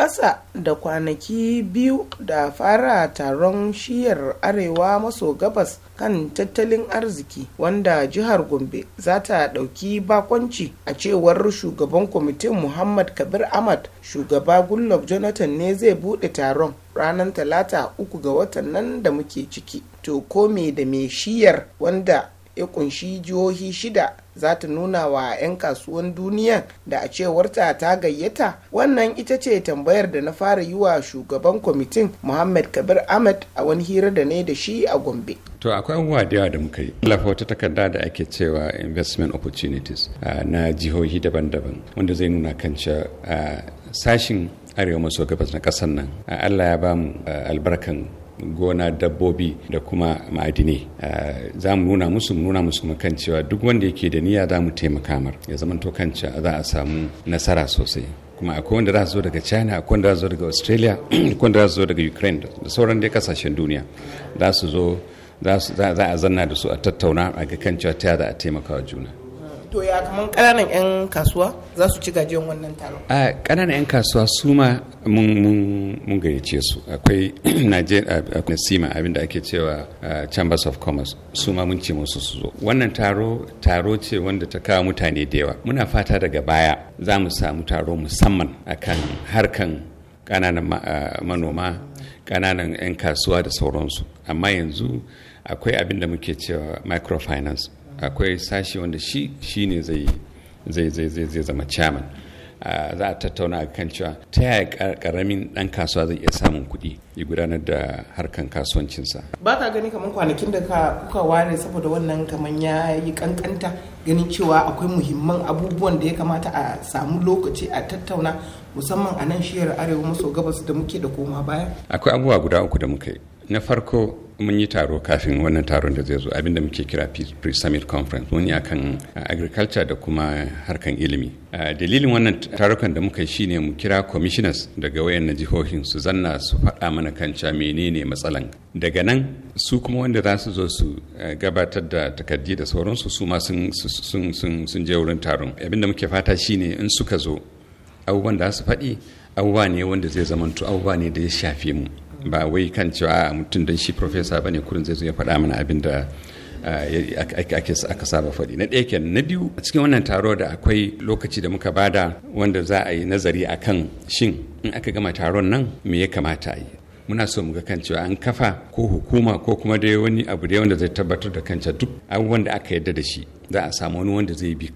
ƙasa da kwanaki biyu da fara taron shiyar arewa maso gabas kan tattalin arziki wanda jihar gombe za ta ɗauki bakonci a cewar shugaban kwamitin muhammad kabir ahmad shugaba gullof jonathan ne zai buɗe taron ranar talata uku ga watan nan da muke ciki to kome da mai shiyar wanda ya kunshi jihohi shida za ta nuna wa 'yan kasuwan duniya da a cewarta ta gayyata wannan ita ce tambayar da na fara yi wa shugaban kwamitin muhammad kabir ahmed a wani hira da ne da shi a gombe to akwai abubuwa da yawa da muka yi lafa takarda da ake cewa investment opportunities na jihohi daban-daban wanda zai nuna kan sashin arewa maso gabas na ƙasar nan allah ya bamu albarkan gona dabbobi da kuma ma'adinai za mu nuna musu mu nuna musu kan cewa duk wanda yake da niyya za mu taimaka mar ya zama to kan cewa za a samu nasara sosai kuma akwai wanda za su zo daga china akwai wanda za a zo daga australia akwai wanda za su zo daga ukraine da sauran dai kasashen duniya za su zo za a zanna da su a tattauna a ga kan cewa ta za a taimaka wa juna to ya ƙananan 'yan kasuwa za su ci gajiyan wannan taron a ƙananan 'yan kasuwa su ma mun gayyace su akwai najeriya sima abin da ake cewa chambers of commerce su ma mun ce musu su zo wannan taro taro ce wanda ta kawo mutane da yawa muna fata daga baya za mu samu taro musamman akan harkan ƙananan manoma ƙananan 'yan kasuwa da sauransu amma yanzu akwai abin da muke cewa microfinance akwai sashi wanda shi shi ne zai zama chairman ah, za a tattauna kan cewa ta yaya karamin dan kasuwa zai iya samun kuɗi ya gudanar da harkan kasuwancinsa ba ka gani kamar kwanakin da kuka ware saboda wannan kamar ya yi kankanta ganin cewa akwai muhimman abubuwan da ya kamata a samu lokaci a tattauna musamman a nan shiyar arewa maso gabas da muke da koma baya akwai abubuwa guda uku da muka yi na farko mun yi taro kafin wannan taron da zai zo abinda muke kira pre-summit conference wani akan ah, agriculture da kuma harkan ilimi ah, dalilin wannan tarukan da muka yi shine mu kira commissioners daga wayan na jihohin su zanna su faɗa mana kan cewa menene matsalan daga nan su kuma wanda za su zo su ah, gabatar da takaddi da sauransu su ma sun je wurin taron abinda muke fata shine in suka zo abubuwan da su faɗi abubuwa ne wanda zai zamanto abubuwa ne da ya shafe mu ba wai kan cewa mutum don shi profesa ba ne kurin zai zo ya faɗa mana abin da aka saba faɗi na ɗaya kenan na biyu a cikin wannan taro da akwai lokaci da muka bada wanda za a yi nazari a kan shin in aka gama taron nan me ya kamata a yi muna so mu ga kan cewa an kafa ko hukuma ko kuma dai wani abu da wanda zai tabbatar da kanca duk abubuwan da aka yarda da shi za a samu wani wanda zai bi